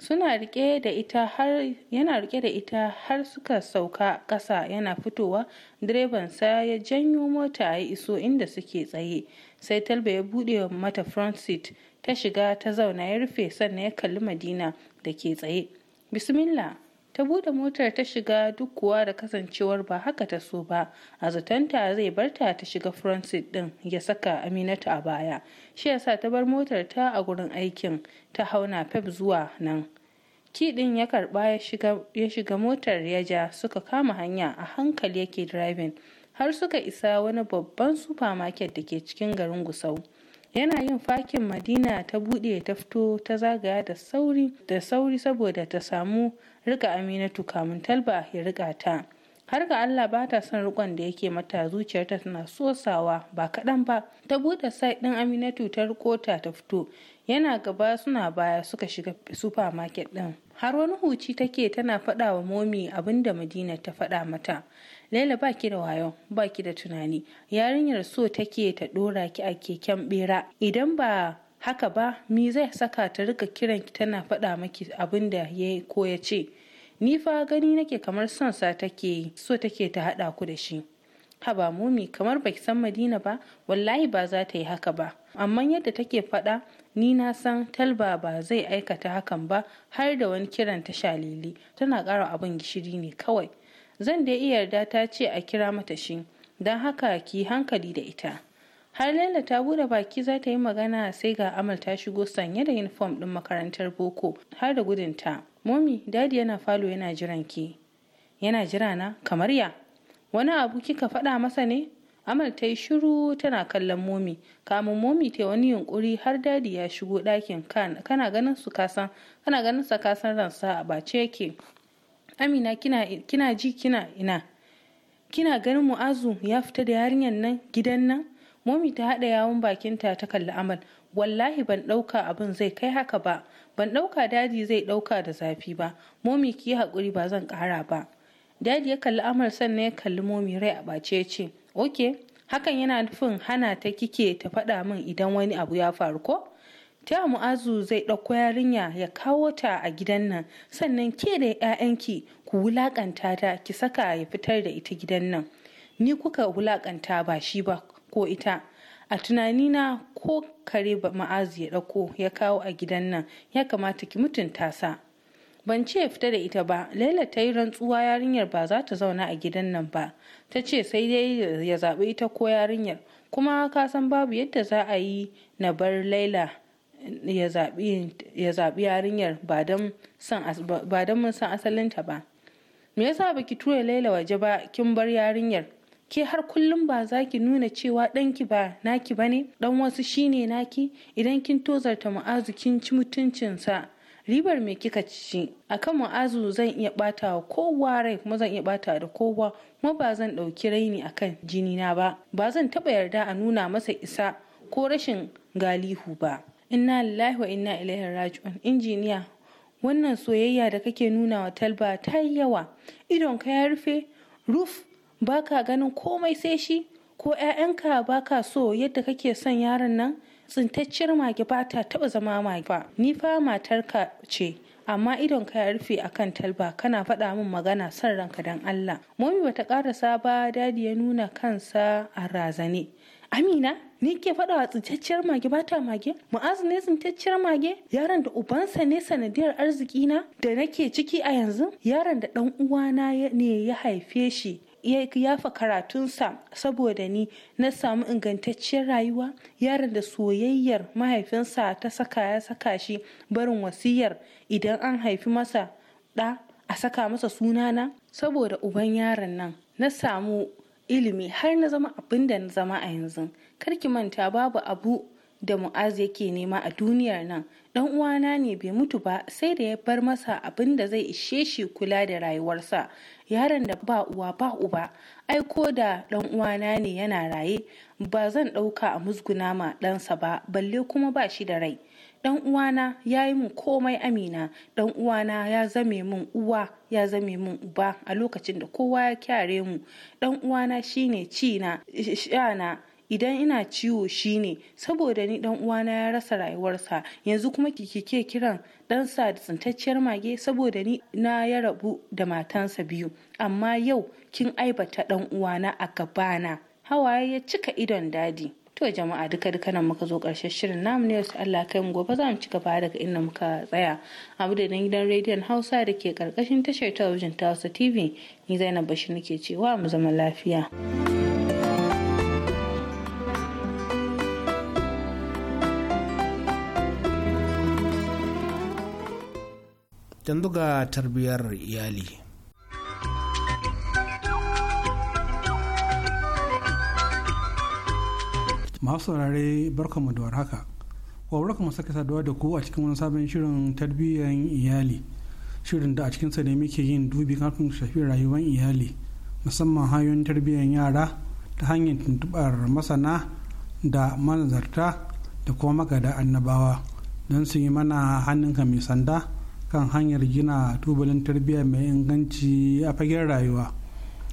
suna rike da ita har yana rike da ita har suka sauka ƙasa yana fitowa direban sa ya janyo mota ya iso inda suke tsaye sai talba ya buɗe mata front seat ta shiga ta zauna ya rufe sannan ya kalli madina da ke tsaye bismillah ta bude motar ta shiga duk kuwa da kasancewar ba haka ta so ba a zatanta zai barta ta shiga front seat din ya saka aminatu a baya shi yasa ta bar motar ta a gurin aikin ta hauna pep zuwa nan ki din ya karba ya shiga motar ya ja suka kama hanya a hankali yake driving har suka isa wani babban supermarket da ke cikin garin gusau yana yin fakin madina ta bude ta fito ta zagaya da sauri saboda ta samu rika aminatu kamun talba ya rika ta har ga Allah ba ta son rikon da yake mata zuciyarta tana sosawa ba kaɗan ba ta buɗe site ɗin aminatu ta riko ta ta fito yana gaba suna baya suka shiga supermarket ɗin har wani huci take tana faɗa wa momi abinda da madina ta faɗa mata laila ba ki da wayo ba ki da tunani yarinyar so take ta ɗora ki a keken bera idan ba haka ba mi zai saka ta rika kiran ki tana faɗa maki abin da ya ko ya ce ni fa gani nake kamar son sa take so take ta haɗa ku da shi haba mumi kamar baki san madina ba wallahi ba za ta yi haka ba amma yadda take faɗa ni na san talba ba zai aikata hakan ba har da wani kiran ta shalili tana ƙara abin gishiri ne kawai zan dai iya yarda ta ce a kira mata shi don haka ki hankali da ita har laila ta bude baki za ta yi magana sai ga amal ta shigo sanye da uniform din makarantar boko har da gudun ta momi dadi yana falo yana jiran ki yana jira na kamar ya wani abu kika faɗa masa ne amal ta yi shiru tana kallon momi kamun momi ta wani yunkuri har dadi ya shigo ɗakin kan kana ganin su kasan kana ganin sa kasan ransa a bace yake amina kina kina ji kina ina kina ganin mu'azu ya fita da yarinyar nan gidan nan momi ta haɗa yawun bakinta ta kalli amal wallahi ban ɗauka abin zai kai haka ba ban ɗauka dadi zai ɗauka da zafi ba momi ki yi haƙuri ba zan ƙara ba dadi ya kalli amal sannan ya kalli momi rai a ɓace ya ce ok hakan yana nufin hana ta kike ta faɗa min idan wani abu ya faru ko ta mu'azu zai ɗauko yarinya ya kawo ta a gidan nan sannan ke da 'ya'yanki ku wulaƙanta ta ki saka ya fitar da ita gidan nan ni kuka wulaƙanta ba shi ba ko ita a tunanina ko kare ba ma'azi ya ɗauko ya kawo a gidan nan ya kamata ki mutunta sa ban ce fita da ita ba laila ta yi rantsuwa yarinyar ba za ta zauna a gidan nan ba ta ce sai dai ya zaɓi ita ko yarinyar kuma ka san babu yadda za a yi na bar laila ya zaɓi yarinyar ba don mun san asalinta ba me yasa baki tura laila waje ba kin bar yarinyar ke har kullum ba za ki nuna cewa ɗanki ba naki ba ne ɗan wasu shine naki idan kin tozarta mu'azu kin ci mutuncinsa ribar me kika ci A kan mu'azu zan iya bata wa kowa rai kuma zan iya bata da kowa kuma ba zan ɗauki raini akan jini na ba ba zan taɓa yarda a nuna masa isa ko rashin galihu ba inna lillahi wa inna ilaihi raji'un injiniya wannan soyayya da kake nuna wa talba ta yawa idon ka ya rufe ruf ba ka ganin komai sai shi ko 'ya'yanka ba ka so yadda kake son yaron nan tsintacciyar mage ba ta taɓa zama mage ba ni fa matarka ce amma idon ka ya rufe akan talba kana faɗa min magana son ranka dan Allah momi bata karasa ba dadi ya nuna kansa a razane amina ni ke faɗa wa tsintacciyar mage ba ta mage Ma'azin ne tsintacciyar mage yaron da ubansa ne sanadiyar arzikina da nake ciki a yanzu yaron da ɗan uwana ne ya haife shi ya yafa karatunsa saboda ni na samu ingantacciyar rayuwa yaron da soyayyar mahaifinsa ta saka ya saka shi barin wasiyar idan an haifi masa ɗa a saka masa sunana saboda uban yaron nan na samu ilimi har na zama abin da na zama a yanzu kar ki manta babu abu da mu'az yake nema a duniyar nan dan uwana ne bai mutu ba sai da ya bar masa abin da zai ishe shi kula da rayuwarsa yaron da ba uwa ba uba ai ko da dan uwana ne yana raye ba zan ɗauka a musguna ma ɗansa ba balle kuma ba shi da rai dan uwana ya yi min komai amina dan uwana ya zame min uwa ya zame min uba a lokacin da kowa ya kyare mu dan uwana shine ci na shana idan ina ciwo shine saboda ni dan uwana ya rasa rayuwarsa yanzu kuma kike kiran dan sa da tsintacciyar mage saboda ni na ya rabu da matansa biyu amma yau kin aibata dan uwana a gabana hawaye ya cika idon dadi to jama'a duka duka nan muka zo karshen shirin namu ne wasu Allah kai mu gobe za mu ci gaba daga inda muka tsaya da madadin gidan rediyon Hausa da ke karkashin tashar talabijin ta Hausa TV ni Zainab Bashir nake cewa mu zama lafiya. yanzu ga tarbiyar iyali masu saurare barkanmu da warhaka wa mu saka saduwa da ku a cikin wani sabon shirin tarbiyyar iyali shirin da a cikinsa ne muke yin dubi kafin shafi rayuwar iyali musamman hanyoyin tarbiyyar yara ta hanyar tuntubar masana da manazarta da kuma magada annabawa don su yi mana ka mai sanda kan hanyar gina tubalin tarbiyya mai inganci a fagen rayuwa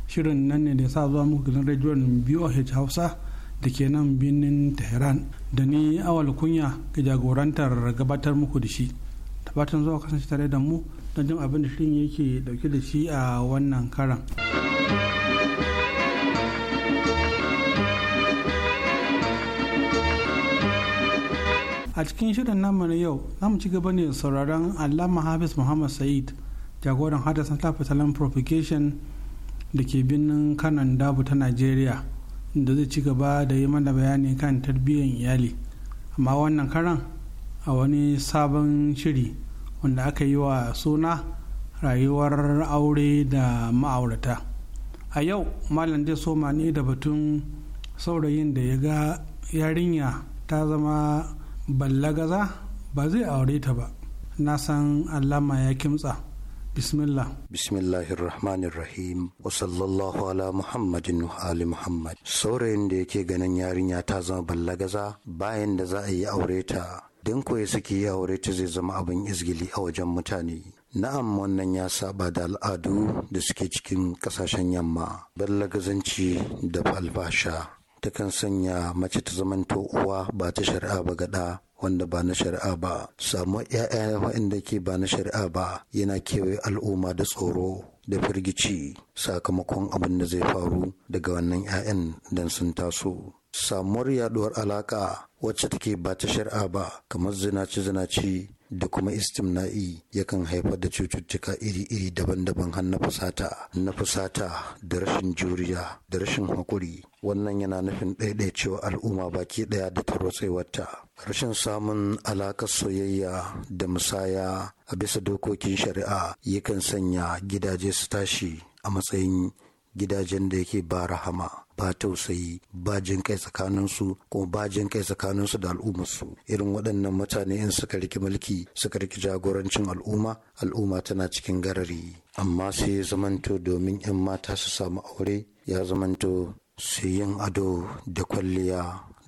shirin nan ne da sa zuwa muku gidan rediyon boh hausa da ke nan birnin tehran da ni awal kunya ga jagorantar gabatar muku da shi tabbatar zuwa kasance tare da mu don jin abin da shirin yake dauke da shi a wannan karan. a cikin shirin namu na yau za mu ci gaba ne sauraron allama hafiz muhammad sa'id jagoran hadasan tafitalan propagation da ke birnin kanan dabu ta nigeria da zai ci gaba da yi mana bayani kan tarbiyyar iyali amma wannan karan a wani sabon shiri wanda aka yi wa suna rayuwar aure da ma'aurata a yau malam dai soma ne da batun saurayin da ya ga yarinya ta zama ballagaza ba zai aure ta ba na san allama ya kimtsa bismillah bismillahirrahmanirrahim wa sallallahu ala muhammadin wa ali muhammad saurayin da yake ganin yarinya ta zama ballagaza bayan da za a yi aure ta don koyi suke yi aure ta zai zama abin izgili a wajen mutane na'am wannan ya saba da al'adu da suke cikin kasashen yamma ballagazanci da falfasha takan sanya mace ta zamanto uwa ba ta shari'a ba gada wanda ba na shari'a ba samu ‘ya'ya waɗanda ke ba na shari'a ba yana kewaye al'umma da tsoro da firgici sakamakon abin da zai faru daga wannan ‘ya'yan dan sun taso samuwar yaduwar alaka wacce take ba ta shari'a ba kamar zinaci zinaci da kuma istimna'i yakan haifar da cututtuka iri-iri daban-daban har na fusata na fusata da rashin juriya da rashin hakuri wannan yana nufin cewa al'umma baki ɗaya da tarwatsewarta rashin samun alakar soyayya da musaya a bisa dokokin shari'a yakan sanya gidaje su tashi a matsayin gidajen da yake ba rahama ba tausayi ba jin kai tsakaninsu kuma ba jin kai su da su irin waɗannan mutane in suka riki mulki suka riki jagorancin al'umma al'umma tana cikin garari amma sai ya zamanto domin 'yan mata su samu aure ya zamanto su yin ado da kwalliya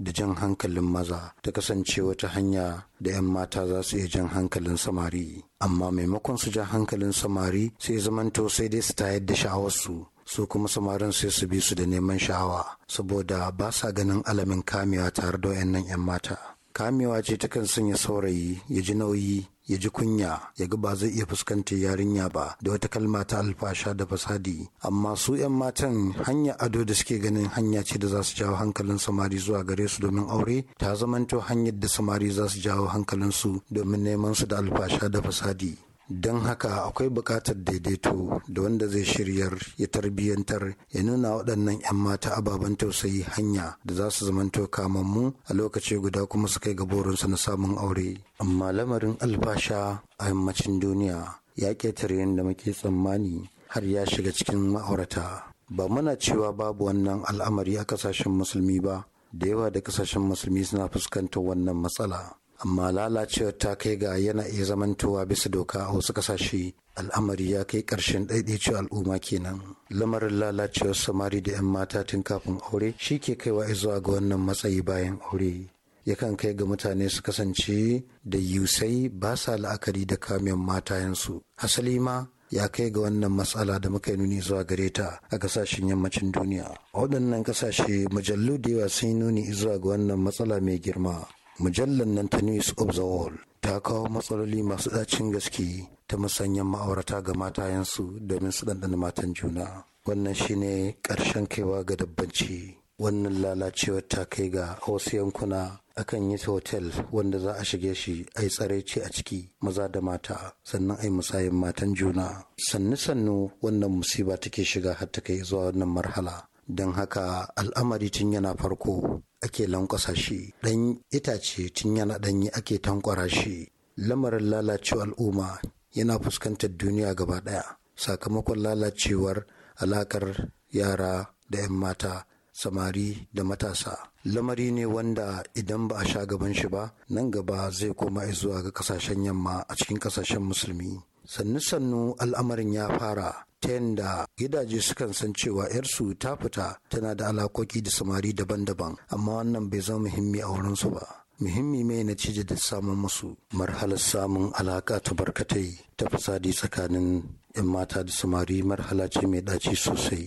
da jan hankalin maza ta kasance wata hanya da 'yan mata za su iya jan hankalin samari amma maimakon su jan hankalin samari sai zamanto sai dai su tayar da sha'awarsu su kuma samarin sai su bi su da neman sha'awa saboda ba sa ganin alamin kamewa tare da wayannan 'yan mata kamewa ce takan sanya saurayi ya ji nauyi ya ji kunya ya ga ba zai iya fuskantar yarinya ba da wata kalma ta alfasha da fasadi amma su 'yan matan hanya ado da suke ganin hanya ce da za su jawo hankalin samari zuwa gare su domin aure ta zamanto hanyar da samari za su jawo hankalin su domin neman su da alfasha da fasadi don haka akwai bukatar daidaito da wanda zai shiryar ya tarbiyyantar ya nuna waɗannan 'yan mata ababen tausayi hanya da za su zamanto kamammu a lokaci guda kuma su kai gaborinsu na samun aure amma lamarin albasha a yammacin duniya ya ƙetare yadda muke tsammani har ya shiga cikin ma'aurata ba muna cewa babu wannan al'amari a kasashen musulmi ba da yawa da kasashen musulmi suna fuskantar wannan matsala amma lalacewar ta kai ga yana iya zamantowa bisa doka a wasu kasashe al'amari ya kai ƙarshen ɗaiɗaicin al'umma kenan lamarin lalacewar samari da 'yan mata tun kafin aure shi ke kaiwa zuwa ga wannan matsayi bayan aure yakan kai ga mutane su kasance da yusai ba sa la'akari da kamiyan matayensu hasali ma ya kai ga wannan matsala da muka yi nuni zuwa gare ta a kasashen yammacin duniya a waɗannan kasashe mujallu da yawa sun yi nuni zuwa ga wannan matsala mai girma mujallar nan ta news of the world ta kawo matsaloli masu dacin gaske ta musanyen ma'aurata ga matayensu domin su ɗanɗana matan juna wannan shine ƙarshen kaiwa ga dabbanci wannan lalacewar ta kai ga wasu yankuna akan yi ta hotel wanda za a shige shi a yi tsaraici a ciki maza da mata sannan a yi musayin matan juna sannu sannu wannan musiba take shiga har ta kai zuwa wannan marhala don haka al'amari tun yana farko ake lankwasa shi ɗan itace tun yana ɗanyi ake tankwara shi lamarin lalacewa al'umma yana fuskantar duniya gaba ɗaya sakamakon lalacewar alakar yara da 'yan mata samari da matasa lamari ne wanda idan ba a sha gaban shi ba nan gaba zai koma zuwa ga kasashen yamma a cikin kasashen musulmi sannu-sannu al'amarin ya fara ta yadda gidaje sukan san cewa 'yarsu ta fita tana da alakoki da samari daban-daban amma wannan bai zama muhimmi a wurinsu ba muhimmi mai na cije da samun musu marhalar samun alaka ta barkatai ta fasadi tsakanin 'yan mata da samari marhala ce mai ɗaci sosai.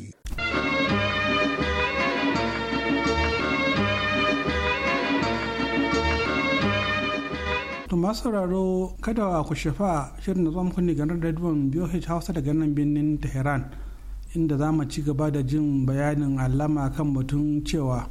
To masu sauraro kada ku shafa shirin da zuwa muku ne ganar rediyon BOH Hausa daga nan birnin Tehran inda za mu ci gaba da jin bayanin alama kan batun cewa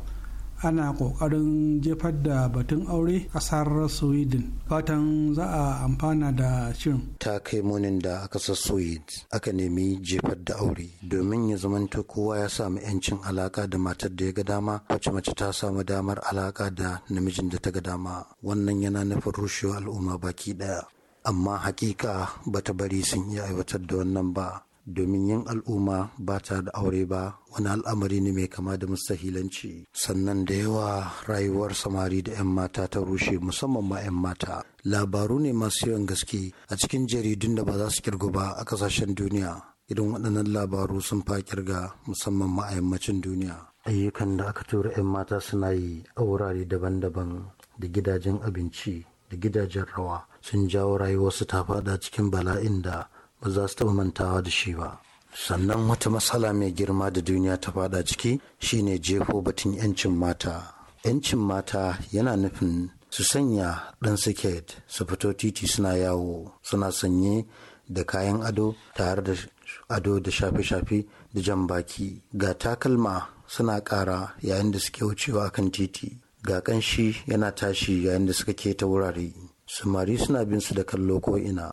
ana ƙoƙarin jefar da batun aure a sarar sweden fatan za a amfana da shirin ta kai munin da kasar sweden aka nemi jefar da aure domin ya zamanta kowa ya samu yancin alaka da matar da ya ga dama wacce mace ta samu damar alaka da namijin da ta ga dama wannan yana nufin rushewa al'umma baki daya amma hakika bata bari sun iya aiwatar da wannan ba domin yin al'umma ba ta da aure ba wani al'amari ne mai kama da mustahilanci sannan da yawa rayuwar samari da 'yan mata ta rushe musamman ma 'yan mata labaru ne masu yawan gaske a cikin jaridun da ba za su kirgu ba a kasashen duniya idan waɗannan labaru sun fa kirga musamman ma a yammacin duniya ayyukan da aka tura 'yan mata suna yi a wurare daban-daban da gidajen abinci da gidajen rawa sun jawo rayuwarsu ta faɗa cikin bala'in da ba za su taɓa mantawa da shi ba sannan wata matsala mai girma da duniya ta fada ciki shine jefo batun 'yancin mata 'yancin mata yana nufin su sanya ɗan siket su fito titi suna yawo suna sanye da kayan ado tare da ado da shafe-shafe da jan baki ga takalma suna ƙara yayin da suke wucewa kan titi ga ƙanshi yana tashi yayin da suka keta wurare samari suna bin su da kallo ko ina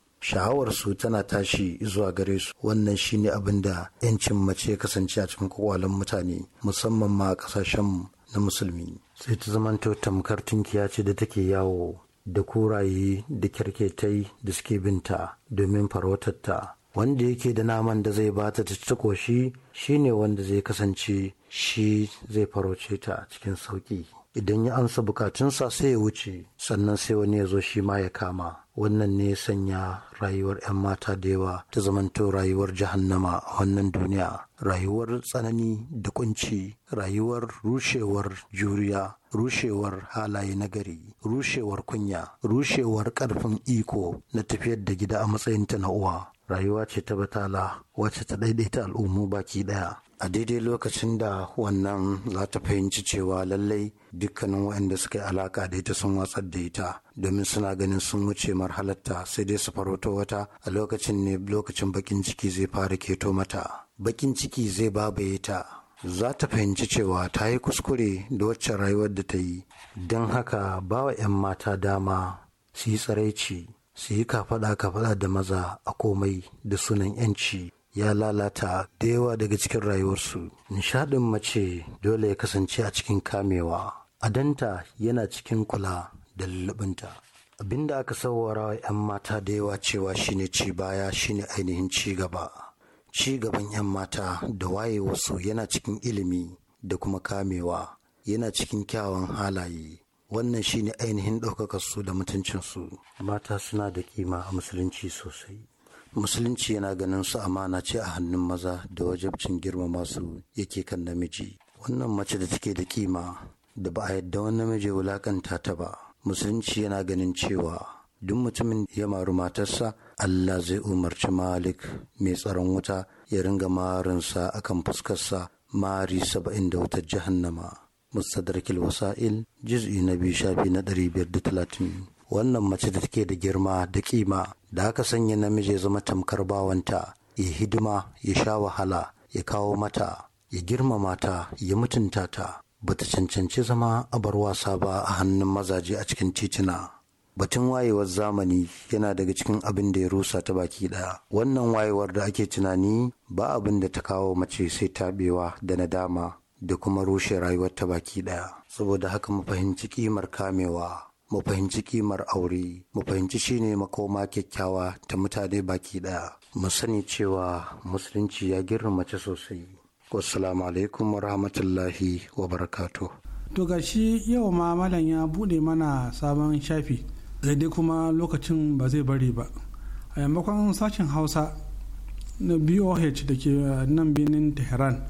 su tana tashi zuwa gare su wannan shine abin da 'yancin mace kasance a cikin kwakwalen mutane musamman ma a kasashen na musulmi sai ta zamanto tamkar tunkiya ce da take yawo da kuraye da kyarketai da suke binta domin farautarta wanda yake da naman da zai bata ta ci koshi shine wanda zai kasance shi zai farauce ta cikin sauki idan ya ansa bukatunsa sai ya wuce sannan sai wani ya zo shi ma ya kama wannan ne ya sanya rayuwar 'yan mata da yawa ta zamanto rayuwar jahannama a wannan duniya rayuwar tsanani da kunci rayuwar rushewar juriya rushewar halaye nagari rushewar kunya rushewar karfin iko na tafiyar da gida a matsayinta na uwa rayuwa ce ta batala wacce ta daidaita al'ummu baki daya a daidai lokacin da wannan za ta fahimci cewa lallai dukkanin waɗanda suka yi alaka da ita sun watsar da ita domin suna ganin sun wuce marhalarta sai dai su farauta wata a lokacin ne lokacin bakin ciki zai fara keto mata bakin ciki zai babaye ta za ta fahimci cewa ta yi kuskure da waccan rayuwar da ta yi don haka ba wa 'yan mata dama su yi tsaraici su yi kafaɗa kafaɗa da maza a komai da sunan 'yanci ya lalata da yawa daga cikin rayuwarsu nishadin mace dole ya kasance a cikin kamewa adanta yana cikin kula da lullubinta da aka sauwara 'yan mata da yawa cewa shine ci baya shine ainihin ci gaba ci gaban 'yan mata da wayewarsu yana cikin ilimi da kuma kamewa yana cikin kyawun halaye wannan shine ainihin ɗaukakarsu da mutuncinsu mata suna da kima a musulunci sosai musulunci yana ganin su amana ce a hannun maza da wajabcin girmama su yake kan namiji wannan mace da take da kima da ba a yadda wani namiji wulakanta ta ba musulunci yana ganin cewa duk mutumin ya maru matarsa Allah zai umarci Malik mai tsaron wuta ya ringa marinsa akan fuskarsa mari saba'in da wutar jahannama mustadrakil wasa'il juz'i na biyu shafi na ɗari biyar da talatin wannan mace da take da girma da kima da aka sanya namiji ya zama tamkar bawanta ya hidima ya sha wahala ya kawo mata ya girmama mata ya mutunta ta bata cancanci zama a bar wasa ba a hannun mazaje a cikin titina batun wayewar zamani yana daga cikin abin da ya rusa ta baki daya wannan wayewar da ake tunani ba abin da ta kawo mace sai taɓewa da nadama da kuma rushe rayuwar ta baki daya saboda haka mu fahimci kimar kamewa mu fahimci kimar aure mu fahimci shine makoma kyakkyawa ta mutane baki daya mu sani cewa musulunci ya girma mace sosai wassalamu alaikum wa rahmatullahi wa barakatu to gashi yau ma malam ya bude mana sabon shafi sai dai kuma lokacin ba zai bari ba a yammakon sashen hausa na boh da ke uh, nan birnin tehran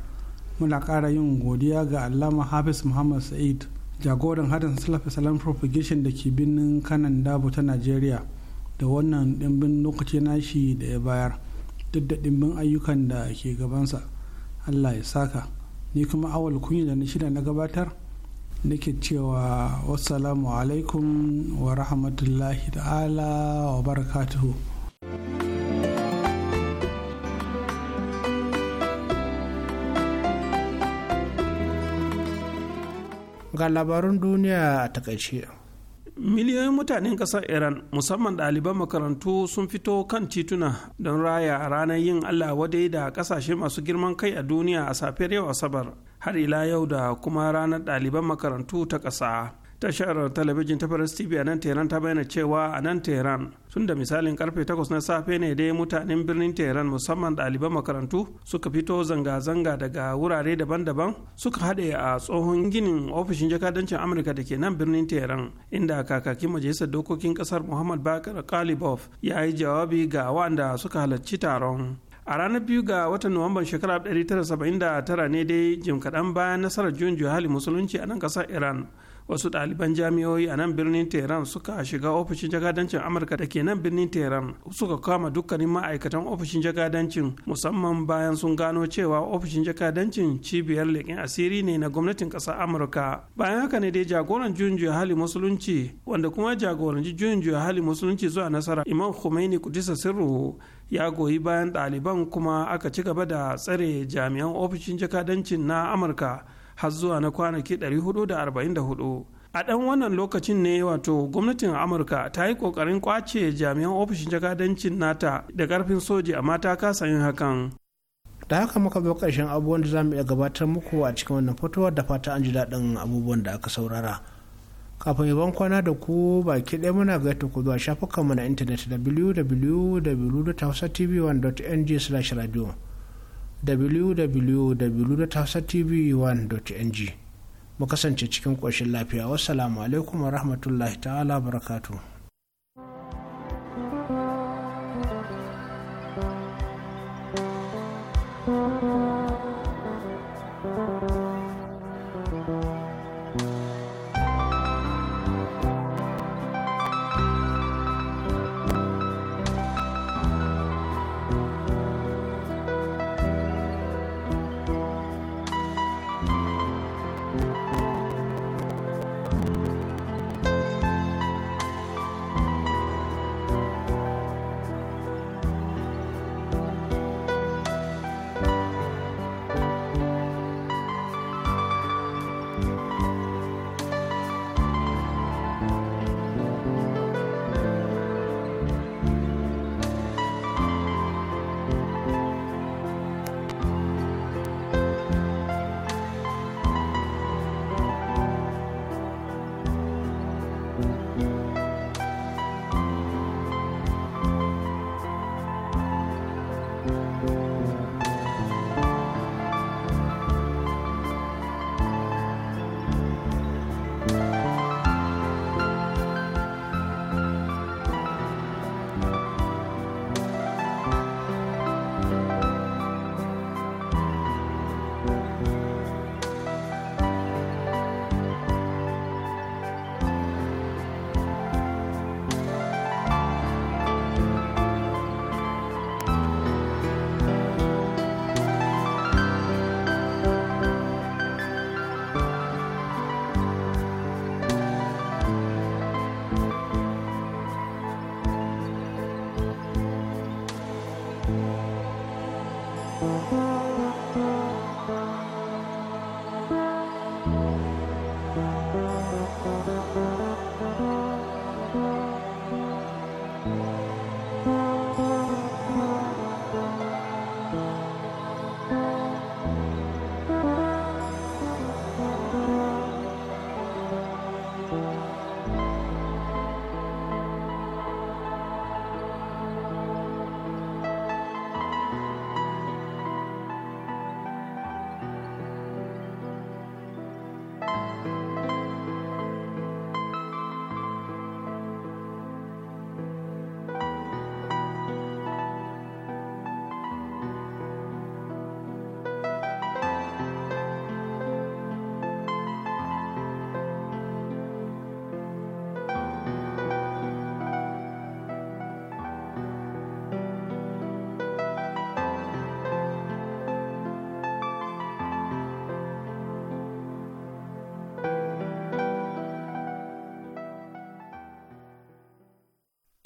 muna kara yin godiya ga allama hafiz muhammad sa'id jagoran hadin salafi salam propagation da ke birnin kanan dabo ta nigeria da wannan dimbin lokaci nashi da ya bayar duk da dimbin ayyukan da ke gabansa allah ya saka ni kuma awal kunya da na shida na gabatar nake cewa wassalamu alaikum wa rahmatullahi ta'ala wa barakatuhu ga labarun duniya a takaice miliyoyin mutanen kasar iran musamman ɗaliban makarantu sun fito kan tituna don raya a ranar yin allah wadai da ƙasashe masu girman kai a duniya a safiyar yau asabar har ila yau da kuma ranar ɗaliban makarantu ta ƙasa tashar talabijin ta faransa tv a nan tehran ta bayyana cewa a nan tehran tun da misalin karfe 8 na safe ne dai mutanen birnin tehran musamman ɗaliban makarantu suka fito zanga-zanga daga wurare daban-daban suka haɗe a tsohon ginin ofishin jakadancin amurka da ke nan birnin tehran inda kakakin majalisar dokokin ƙasar muhammad bakar kalibov ya yi jawabi ga waɗanda suka halarci taron a ranar biyu ga watan nuwamban shekarar 1979 ne dai jim kaɗan bayan nasarar juyin juhali musulunci a nan ƙasar iran wasu ɗaliban jami'o'i a nan birnin tehran suka shiga ofishin jagadancin amurka da ke nan birnin tehran suka kama dukkanin ma'aikatan ofishin jagadancin musamman bayan sun gano cewa ofishin jagadancin cibiyar leƙen asiri ne na gwamnatin ƙasar amurka bayan haka ne dai jagoran juyin juya hali musulunci wanda kuma jagoranci juyin juya hali musulunci zuwa nasara imam khomeini kudisa sirru ya goyi bayan ɗaliban kuma aka ci gaba da tsare jami'an ofishin jakadancin na amurka har zuwa na kwanaki 444 a ɗan wannan lokacin ne wato gwamnatin amurka ta yi kokarin kwace jami'an ofishin jakadancin nata da karfin soji amma ta kasa yin hakan da haka muka zo ƙarshen abubuwan da za mu iya gabatar muku a cikin wannan fitowar da fata an ji daɗin abubuwan da aka saurara kafin ban kwana da ku baki ɗaya muna gaita ku zuwa shafukanmu na intanet www.hausatv1.ng/radio wwwtv 1ng mu kasance cikin ƙoshin lafiya wasu alaikum wa rahmatullahi ta'ala barakatu.